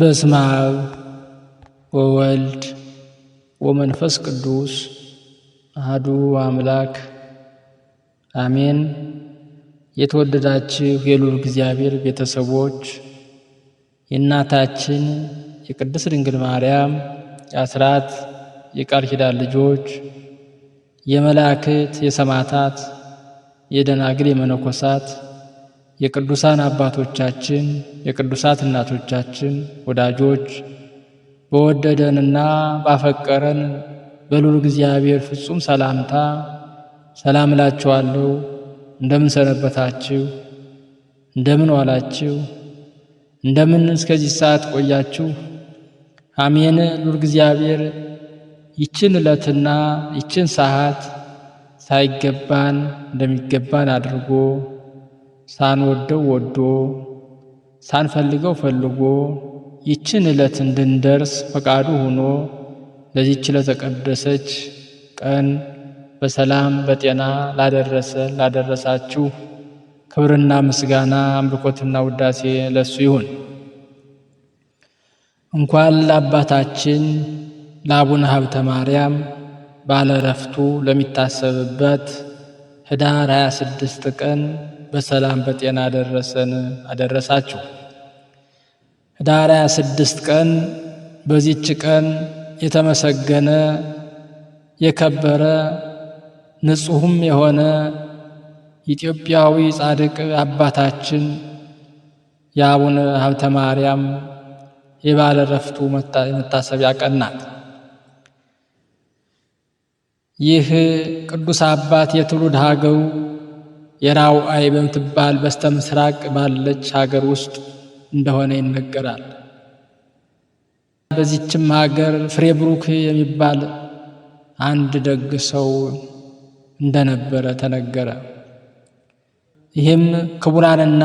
በስመ አብ ወወልድ ወመንፈስ ቅዱስ አህዱ አምላክ አሜን። የተወደዳችሁ የልዑል እግዚአብሔር ቤተሰቦች የእናታችን የቅድስት ድንግል ማርያም የአስራት የቃል ኪዳን ልጆች የመላእክት የሰማዕታት የደናግል የመነኮሳት የቅዱሳን አባቶቻችን የቅዱሳት እናቶቻችን ወዳጆች በወደደንና ባፈቀረን በልዑል እግዚአብሔር ፍጹም ሰላምታ ሰላም እላችኋለሁ። እንደምን ሰነበታችሁ? እንደምን ዋላችሁ? እንደምን እስከዚህ ሰዓት ቆያችሁ? አሜን። ልዑል እግዚአብሔር ይችን ዕለትና ይችን ሰዓት ሳይገባን እንደሚገባን አድርጎ ሳንወደው ወዶ ሳንፈልገው ፈልጎ ይችን ዕለት እንድንደርስ ፈቃዱ ሆኖ ለዚች ለተቀደሰች ቀን በሰላም በጤና ላደረሰ ላደረሳችሁ ክብርና ምስጋና አምልኮትና ውዳሴ ለሱ ይሁን። እንኳን ለአባታችን ለአቡነ ሀብተ ማርያም ባለ ለሚታሰብበት ህዳር 26 ቀን በሰላም በጤና አደረሰን አደረሳችሁ። ህዳር 26 ቀን በዚች ቀን የተመሰገነ የከበረ ንጹሕም የሆነ ኢትዮጵያዊ ጻድቅ አባታችን የአቡነ ሀብተ ማርያም የባለ ረፍቱ መታሰቢያ ቀን ናት። ይህ ቅዱስ አባት የትውልድ ሀገሩ የራው አይ በምትባል በስተ ምስራቅ ባለች ሀገር ውስጥ እንደሆነ ይነገራል። በዚችም ሀገር ፍሬብሩክ የሚባል አንድ ደግ ሰው እንደነበረ ተነገረ። ይህም ክቡራንና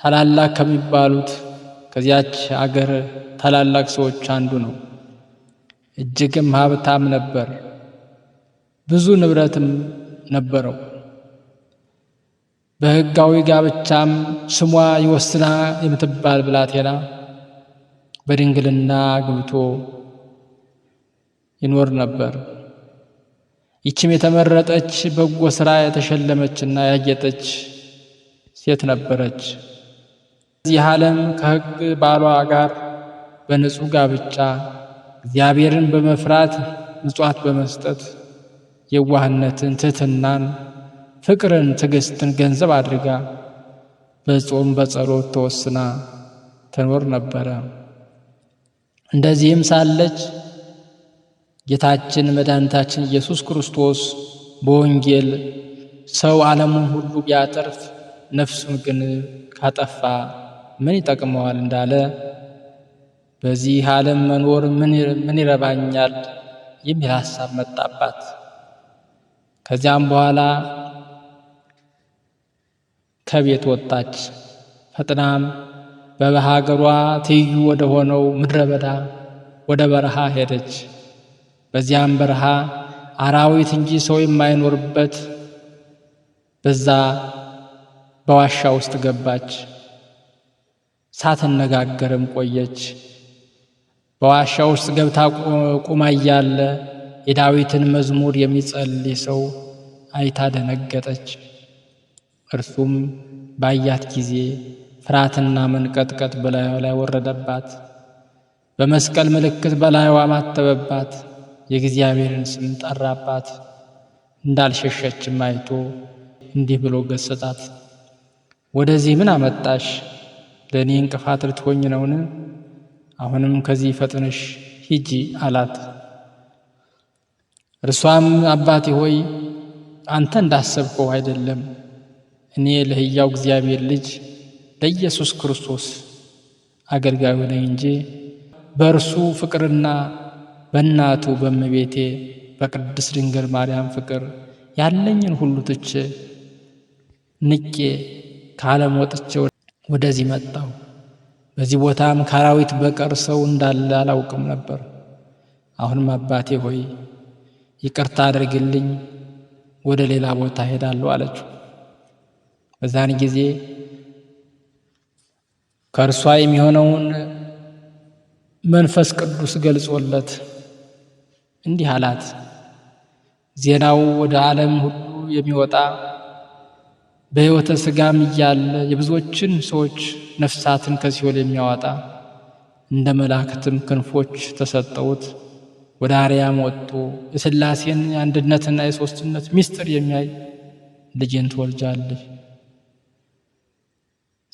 ታላላቅ ከሚባሉት ከዚያች አገር ታላላቅ ሰዎች አንዱ ነው። እጅግም ሀብታም ነበር፣ ብዙ ንብረትም ነበረው። በህጋዊ ጋብቻም ስሟ ይወስና የምትባል ብላቴና በድንግልና ግብቶ ይኖር ነበር። ይችም የተመረጠች በጎ ስራ የተሸለመችና ያጌጠች ሴት ነበረች። እዚህ ዓለም ከህግ ባሏ ጋር በንጹሕ ጋብቻ እግዚአብሔርን በመፍራት ምጽዋት በመስጠት የዋህነትን ትህትናን። ፍቅርን፣ ትዕግስትን ገንዘብ አድርጋ በጾም በጸሎት ተወስና ትኖር ነበረ። እንደዚህም ሳለች ጌታችን መድኃኒታችን ኢየሱስ ክርስቶስ በወንጌል ሰው ዓለሙን ሁሉ ቢያተርፍ ነፍሱን ግን ካጠፋ ምን ይጠቅመዋል እንዳለ በዚህ ዓለም መኖር ምን ይረባኛል የሚል ሐሳብ መጣባት። ከዚያም በኋላ ከቤት ወጣች። ፈጥናም በሀገሯ ትይዩ ወደ ሆነው ምድረ በዳ ወደ በረሃ ሄደች። በዚያም በረሃ አራዊት እንጂ ሰው የማይኖርበት በዛ በዋሻ ውስጥ ገባች። ሳትነጋገርም ቆየች። በዋሻ ውስጥ ገብታ ቁማ እያለ የዳዊትን መዝሙር የሚጸልይ ሰው አይታ ደነገጠች። እርሱም ባያት ጊዜ ፍርሃትና መንቀጥቀጥ በላዩ ላይ ወረደባት። በመስቀል ምልክት በላይዋ ማተበባት። የእግዚአብሔርን ስም ጠራባት። እንዳልሸሸችም አይቶ እንዲህ ብሎ ገሰጣት። ወደዚህ ምን አመጣሽ? ለእኔ እንቅፋት ልትሆኝ ነውን? አሁንም ከዚህ ፈጥነሽ ሂጂ አላት። እርሷም አባቴ ሆይ አንተ እንዳሰብከው አይደለም እኔ ለህያው እግዚአብሔር ልጅ ለኢየሱስ ክርስቶስ አገልጋዩ ነኝ እንጂ በእርሱ ፍቅርና በእናቱ በእመቤቴ በቅድስት ድንግል ማርያም ፍቅር ያለኝን ሁሉ ትቼ ንቄ ከዓለም ወጥቼ ወደዚህ መጣሁ። በዚህ ቦታም ከአራዊት በቀር ሰው እንዳለ አላውቅም ነበር። አሁንም አባቴ ሆይ ይቅርታ አድርግልኝ፣ ወደ ሌላ ቦታ ሄዳለሁ አለችው። በዛን ጊዜ ከእርሷ የሚሆነውን መንፈስ ቅዱስ ገልጾለት እንዲህ አላት። ዜናው ወደ ዓለም ሁሉ የሚወጣ በሕይወተ ሥጋም እያለ የብዙዎችን ሰዎች ነፍሳትን ከሲኦል የሚያወጣ እንደ መላእክትም ክንፎች ተሰጠውት ወደ አርያም ወጥቶ የሥላሴን የአንድነትና የሦስትነት ምስጢር የሚያይ ልጅን ትወልጃለች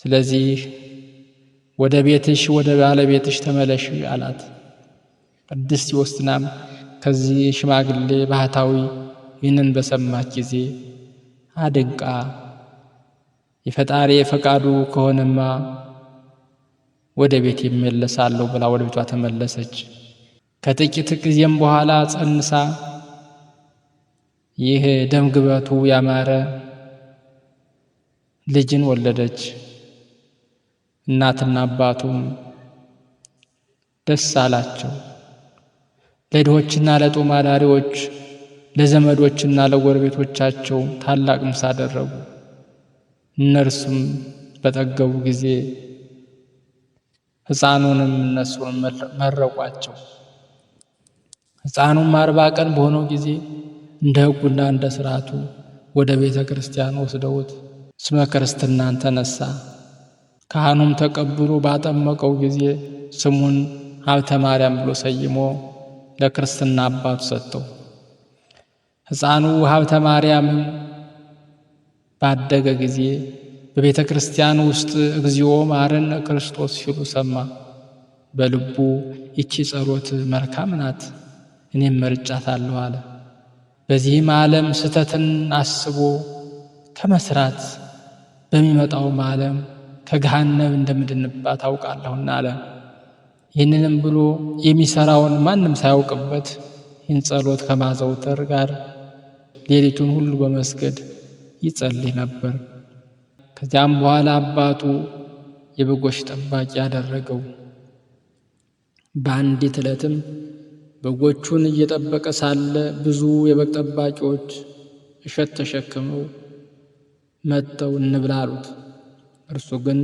ስለዚህ ወደ ቤትሽ ወደ ባለቤትሽ ተመለሽ አላት። ቅድስት ዮስቲናም ከዚህ ሽማግሌ ባህታዊ ይህንን በሰማች ጊዜ አድንቃ የፈጣሪ የፈቃዱ ከሆነማ ወደ ቤት ይመለሳለሁ ብላ ወደ ቤቷ ተመለሰች። ከጥቂት ጊዜም በኋላ ጸንሳ ይህ ደምግበቱ ያማረ ልጅን ወለደች። እናትና አባቱም ደስ አላቸው። ለድሆችና ለጦም አዳሪዎች ለዘመዶችና ለጎረቤቶቻቸው ታላቅ ምሳ አደረጉ። እነርሱም በጠገቡ ጊዜ ሕፃኑንም እነሱን መረቋቸው። ሕፃኑም አርባ ቀን በሆነው ጊዜ እንደ ሕጉና እንደ ስርዓቱ ወደ ቤተ ክርስቲያን ወስደውት ስመ ክርስትናን ተነሳ። ካህኑም ተቀብሎ ባጠመቀው ጊዜ ስሙን ሀብተ ማርያም ብሎ ሰይሞ ለክርስትና አባቱ ሰጠው። ሕፃኑ ሀብተ ማርያም ባደገ ጊዜ በቤተ ክርስቲያን ውስጥ እግዚኦ ማረነ ክርስቶስ ሲሉ ሰማ። በልቡ ይቺ ጸሎት መልካም ናት፣ እኔም መርጫታለሁ አለ። በዚህም ዓለም ስተትን አስቦ ከመስራት በሚመጣውም ዓለም ከገሃነብ እንደምድንባት አውቃለሁና አለ። ይህንንም ብሎ የሚሰራውን ማንም ሳያውቅበት ይህን ጸሎት ከማዘውተር ጋር ሌሊቱን ሁሉ በመስገድ ይጸልይ ነበር። ከዚያም በኋላ አባቱ የበጎች ጠባቂ ያደረገው። በአንዲት ዕለትም በጎቹን እየጠበቀ ሳለ ብዙ የበግ ጠባቂዎች እሸት ተሸክመው መጥተው እንብላ አሉት። እርሱ ግን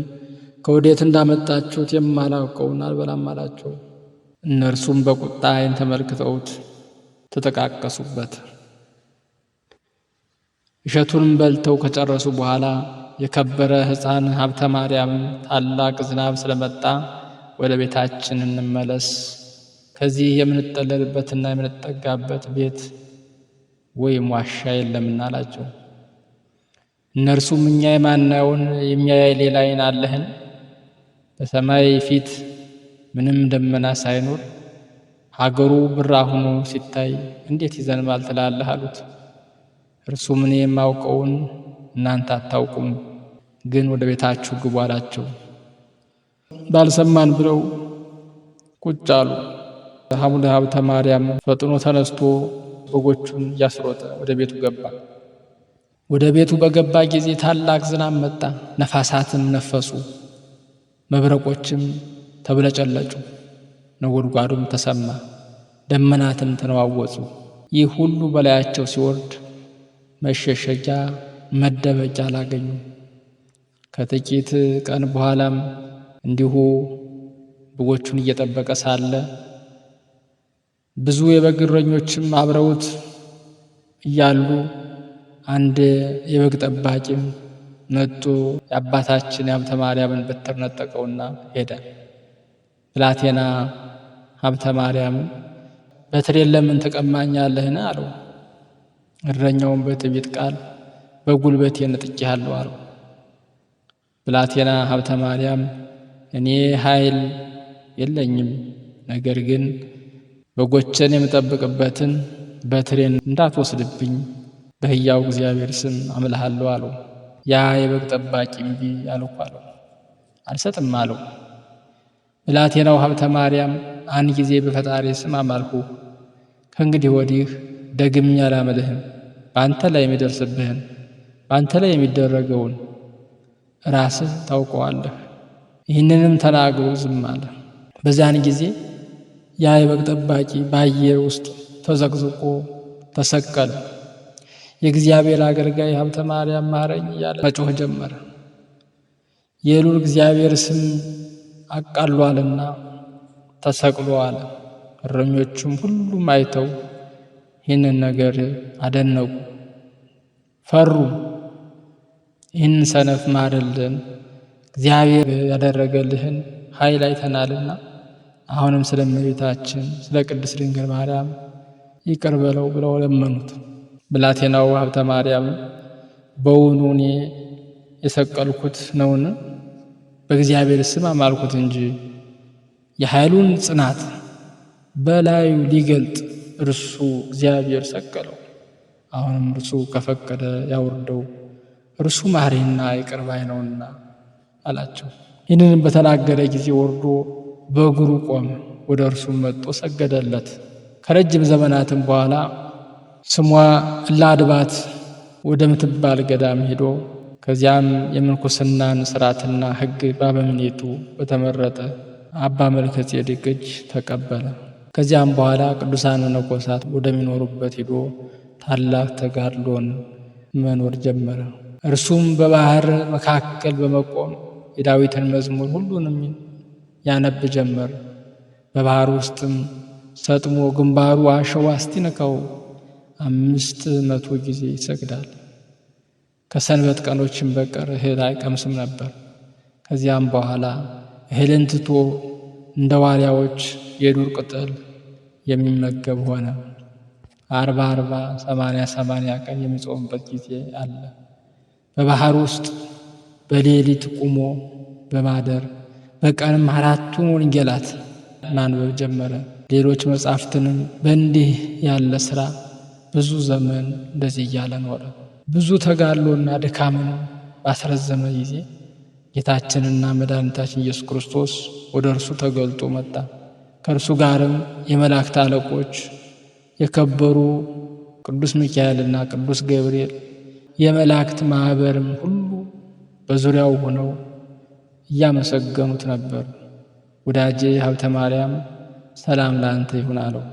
ከወዴት እንዳመጣችሁት የማላውቀውን አልበላም አላቸው። እነርሱም በቁጣ ዓይን ተመልክተውት ተጠቃቀሱበት። እሸቱንም በልተው ከጨረሱ በኋላ የከበረ ሕፃን ሀብተ ማርያም ታላቅ ዝናብ ስለመጣ ወደ ቤታችን እንመለስ፣ ከዚህ የምንጠለልበትና የምንጠጋበት ቤት ወይም ዋሻ የለምና አላቸው። እነርሱም እኛ የማናውን የሚያይ ሌላ አይን አለህን? በሰማይ ፊት ምንም ደመና ሳይኖር ሀገሩ ብራ ሆኖ ሲታይ እንዴት ይዘንባል ትላለህ? አሉት። እርሱም እኔ የማውቀውን እናንተ አታውቁም፣ ግን ወደ ቤታችሁ ግቡ አላቸው። ባልሰማን ብለው ቁጭ አሉ። ሀብተ ማርያም ፈጥኖ ተነስቶ በጎቹን እያስሮጠ ወደ ቤቱ ገባ። ወደ ቤቱ በገባ ጊዜ ታላቅ ዝናብ መጣ፣ ነፋሳትም ነፈሱ፣ መብረቆችም ተብለጨለጩ፣ ነጎድጓዱም ተሰማ፣ ደመናትም ተነዋወጹ። ይህ ሁሉ በላያቸው ሲወርድ መሸሸጊያ መደበቂያ አላገኙ። ከጥቂት ቀን በኋላም እንዲሁ በጎቹን እየጠበቀ ሳለ ብዙ የበግ እረኞችም አብረውት እያሉ አንድ የበግ ጠባቂም መጡ የአባታችን የሀብተ ማርያምን በትር ነጠቀውና ሄደ። ብላቴና ሀብተ ማርያም በትሬን ለምን ትቀማኛለህን? አለው። እረኛውን በትዕቢት ቃል በጉልበቴ ነጥቄሃለሁ አለው። ብላቴና ሀብተ ማርያም እኔ ኃይል የለኝም፣ ነገር ግን በጎችን የምጠብቅበትን በትሬን እንዳትወስድብኝ በሕያው እግዚአብሔር ስም አምልሃለሁ አለው። ያ የበግ ጠባቂ እምቢ አልኩ አለው። አልሰጥም አለው። ብላቴናው ሀብተ ማርያም አንድ ጊዜ በፈጣሪ ስም አማልኩ፣ ከእንግዲህ ወዲህ ደግሜ አላመልህም። በአንተ ላይ የሚደርስብህን በአንተ ላይ የሚደረገውን ራስህ ታውቀዋለህ። ይህንንም ተናግሮ ዝም አለ። በዚያን ጊዜ ያ የበግ ጠባቂ በአየር ውስጥ ተዘቅዝቆ ተሰቀለ። የእግዚአብሔር አገልጋይ ሀብተ ማርያም ማረኝ እያለ መጮህ ጀመረ። የሉል እግዚአብሔር ስም አቃሏልና ተሰቅሏል እረኞቹም ሁሉም አይተው ይህንን ነገር አደነቁ፣ ፈሩ። ይህንን ሰነፍ ማረልን፣ እግዚአብሔር ያደረገልህን ኃይል አይተናልና አሁንም ስለ እመቤታችን ስለ ቅድስት ድንግል ማርያም ይቅር በለው ብለው ለመኑት። ብላቴናው ሀብተ ማርያም በውኑ እኔ የሰቀልኩት ነውን? በእግዚአብሔር ስም አማልኩት እንጂ የኃይሉን ጽናት በላዩ ሊገልጥ እርሱ እግዚአብሔር ሰቀለው። አሁንም እርሱ ከፈቀደ ያውርደው፣ እርሱ ማሪና ይቅር ባይ ነውና አላቸው። ይህንንም በተናገረ ጊዜ ወርዶ በእግሩ ቆመ። ወደ እርሱም መጥቶ ሰገደለት። ከረጅም ዘመናትም በኋላ ስሟ እላድባት ወደምትባል ገዳም ሄዶ ከዚያም የምንኩስናን ስርዓትና ሕግ በአበምኔቱ በተመረጠ አባ መልከ ጼዴቅ እጅ ተቀበለ። ከዚያም በኋላ ቅዱሳን መነኮሳት ወደሚኖሩበት ሂዶ ታላቅ ተጋድሎን መኖር ጀመረ። እርሱም በባህር መካከል በመቆም የዳዊትን መዝሙር ሁሉንም ያነብ ጀመር። በባህር ውስጥም ሰጥሞ ግንባሩ አሸዋ እስቲነካው አምስት መቶ ጊዜ ይሰግዳል። ከሰንበት ቀኖችን በቀር እህል አይቀምስም ነበር። ከዚያም በኋላ እህልን ትቶ እንደ ዋሪያዎች የዱር ቅጠል የሚመገብ ሆነ። አርባ አርባ ሰማንያ ሰማንያ ቀን የሚጾምበት ጊዜ አለ። በባህር ውስጥ በሌሊት ቁሞ በማደር በቀንም አራቱን ወንጌላት ማንበብ ጀመረ። ሌሎች መጻሕፍትንም በእንዲህ ያለ ሥራ ብዙ ዘመን እንደዚህ እያለ ኖረ። ብዙ ተጋድሎና ድካምን ባስረዘመ ጊዜ ጌታችንና መድኃኒታችን ኢየሱስ ክርስቶስ ወደ እርሱ ተገልጦ መጣ። ከእርሱ ጋርም የመላእክት አለቆች የከበሩ ቅዱስ ሚካኤልና ቅዱስ ገብርኤል የመላእክት ማኅበርም ሁሉ በዙሪያው ሆነው እያመሰገኑት ነበር። ወዳጄ ሀብተ ማርያም ሰላም ለአንተ ይሁን አለው።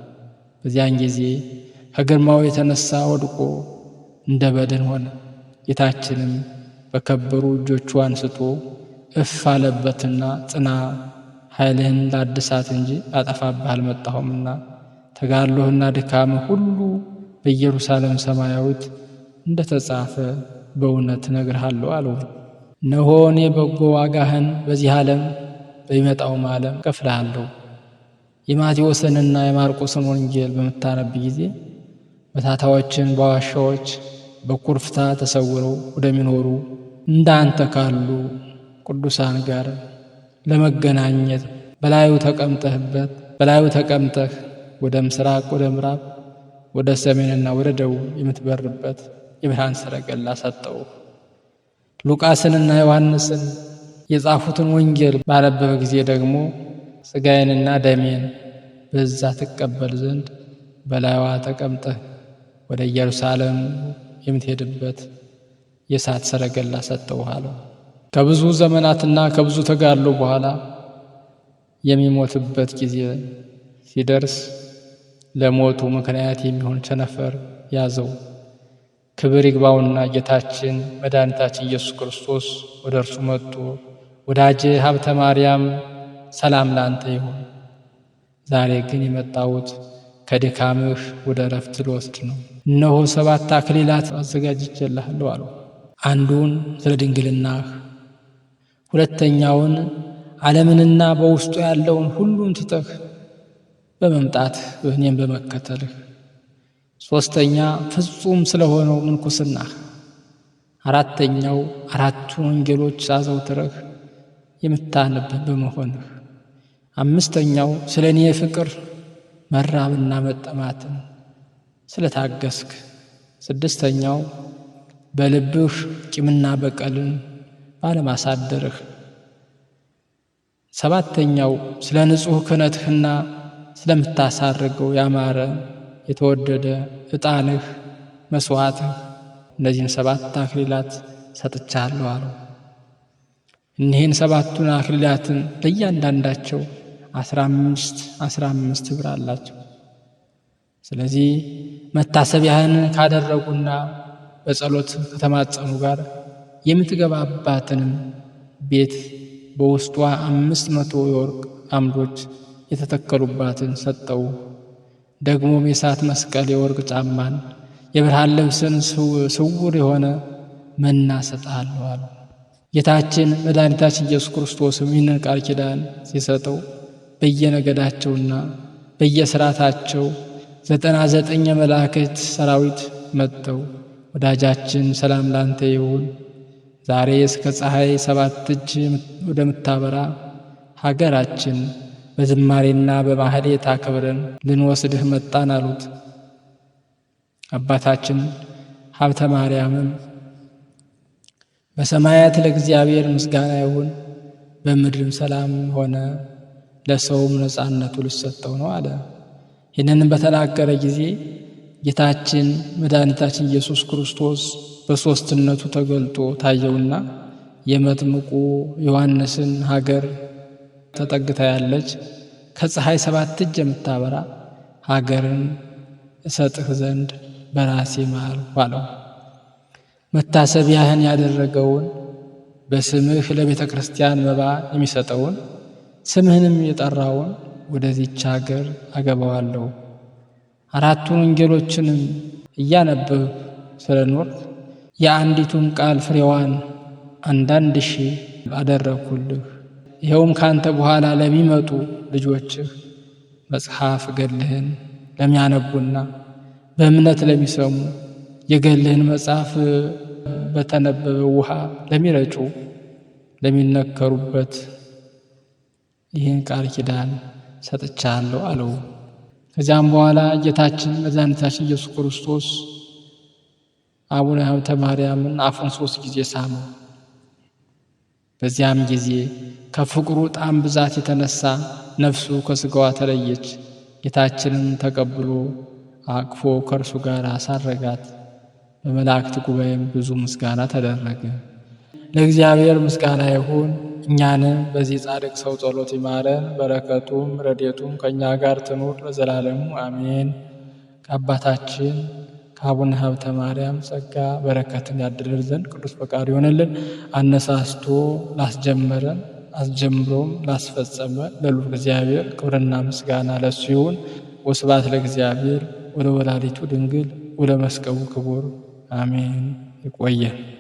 በዚያን ጊዜ ከግርማው የተነሳ ወድቆ እንደ በድን ሆነ። ጌታችንም በከበሩ እጆቹ አንስቶ እፍ አለበትና ጽና፣ ኃይልህን ላድሳት እንጂ ላጠፋብህ አልመጣሁምና ተጋድሎህና ድካምህ ሁሉ በኢየሩሳሌም ሰማያዊት እንደ ተጻፈ በእውነት እነግርሃለሁ አለው። እነሆ እኔ በጎ ዋጋህን በዚህ ዓለም በሚመጣውም ዓለም እከፍልሃለሁ። የማቴዎስንና የማርቆስን ወንጌል በምታነብ ጊዜ በታታዎችን በዋሻዎች በኩርፍታ ተሰውረው ወደሚኖሩ እንዳንተ ካሉ ቅዱሳን ጋር ለመገናኘት በላዩ ተቀምጠህበት በላዩ ተቀምጠህ ወደ ምስራቅ፣ ወደ ምዕራብ፣ ወደ ሰሜንና ወደ ደቡብ የምትበርበት የብርሃን ሰረገላ ሰጠው። ሉቃስንና ዮሐንስን የጻፉትን ወንጌል ባነበበ ጊዜ ደግሞ ሥጋዬንና ደሜን በዛ ትቀበል ዘንድ በላዩዋ ተቀምጠህ ወደ ኢየሩሳሌም የምትሄድበት የእሳት ሰረገላ ሰጥተውሃለሁ። ከብዙ ዘመናትና ከብዙ ተጋድሎ በኋላ የሚሞትበት ጊዜ ሲደርስ ለሞቱ ምክንያት የሚሆን ቸነፈር ያዘው። ክብር ይግባውና ጌታችን መድኃኒታችን ኢየሱስ ክርስቶስ ወደ እርሱ መጥቶ ወዳጄ ሀብተ ማርያም ሰላም ላንተ ይሁን፣ ዛሬ ግን የመጣሁት ከድካምህ ወደ ረፍት ልወስድ ነው። እነሆ ሰባት አክሊላት አዘጋጅቼልሃለሁ አሉ። አንዱን ስለ ድንግልናህ፣ ሁለተኛውን ዓለምንና በውስጡ ያለውን ሁሉን ትተህ በመምጣት እኔም በመከተልህ፣ ሦስተኛ ፍጹም ስለሆነው ምንኩስናህ፣ አራተኛው አራቱ ወንጌሎች አዘውትረህ የምታነብህ በመሆንህ፣ አምስተኛው ስለ እኔ ፍቅር መራብና መጠማትን ስለታገስክ፣ ስድስተኛው በልብህ ቂምና በቀልን ባለማሳደርህ፣ ሰባተኛው ስለ ንጹሕ ክህነትህና ስለምታሳርገው ያማረ የተወደደ ዕጣንህ መስዋዕትህ እነዚህን ሰባት አክሊላት ሰጥቻለሁ አለው። እኒህን ሰባቱን አክሊላትን ለእያንዳንዳቸው 15 15 ብር አላቸው። ስለዚህ መታሰቢያህን ካደረጉና በጸሎት ከተማጸኑ ጋር የምትገባባትንም ቤት በውስጧ አምስት መቶ የወርቅ አምዶች የተተከሉባትን ሰጠው። ደግሞም የእሳት መስቀል፣ የወርቅ ጫማን፣ የብርሃን ልብስን፣ ስውር የሆነ መና እሰጥሃለሁ ጌታችን መድኃኒታችን ኢየሱስ ክርስቶስም ይህንን ቃል ኪዳን ሲሰጠው በየነገዳቸውና በየሥርዓታቸው ዘጠና ዘጠኝ የመላእክት ሰራዊት መጥተው ወዳጃችን ሰላም ላንተ ይሁን ዛሬ እስከ ፀሐይ ሰባት እጅ ወደምታበራ ሀገራችን በዝማሬና በማህሌት አክብረን ልንወስድህ መጣን አሉት። አባታችን ሀብተ ማርያምም በሰማያት ለእግዚአብሔር ምስጋና ይሁን፣ በምድርም ሰላም ሆነ ለሰውም ነፃነቱ ልሰጠው ነው አለ። ይህንንም በተናገረ ጊዜ ጌታችን መድኃኒታችን ኢየሱስ ክርስቶስ በሦስትነቱ ተገልጦ ታየውና የመጥምቁ ዮሐንስን ሀገር ተጠግታ ያለች ከፀሐይ ሰባት እጅ የምታበራ ሀገርን እሰጥህ ዘንድ በራሴ ማልሁ አለው። መታሰቢያህን ያደረገውን በስምህ ለቤተ ክርስቲያን መባ የሚሰጠውን ስምህንም የጠራውን ወደዚች አገር አገባዋለሁ። አራቱን ወንጌሎችንም እያነበብ ስለኖር የአንዲቱን ቃል ፍሬዋን አንዳንድ ሺህ አደረግሁልህ። ይኸውም ካንተ በኋላ ለሚመጡ ልጆችህ መጽሐፍ ገልህን ለሚያነቡና በእምነት ለሚሰሙ የገልህን መጽሐፍ በተነበበ ውሃ ለሚረጩ ለሚነከሩበት ይህን ቃል ኪዳን ሰጥቻለሁ አለው። ከዚያም በኋላ ጌታችን መድኃኒታችን ኢየሱስ ክርስቶስ አቡነ ሀብተ ማርያምን አፉን ሶስት ጊዜ ሳመ። በዚያም ጊዜ ከፍቅሩ ጣም ብዛት የተነሳ ነፍሱ ከስጋዋ ተለየች። ጌታችንን ተቀብሎ አቅፎ ከእርሱ ጋር አሳረጋት። በመላእክት ጉባኤም ብዙ ምስጋና ተደረገ። ለእግዚአብሔር ምስጋና ይሁን። እኛንም በዚህ ጻድቅ ሰው ጸሎት ይማረን። በረከቱም ረዴቱም ከእኛ ጋር ትኑር ለዘላለሙ አሜን። ከአባታችን ከአቡነ ሀብተ ማርያም ጸጋ በረከትን ያድርር ዘንድ ቅዱስ ፈቃድ ይሆንልን። አነሳስቶ ላስጀመረን አስጀምሮም ላስፈጸመ ለልዑል እግዚአብሔር ክብርና ምስጋና ለሱ ይሁን። ወስብሐት ለእግዚአብሔር ወለወላዲቱ ድንግል ወለመስቀሉ ክቡር አሜን። ይቆየ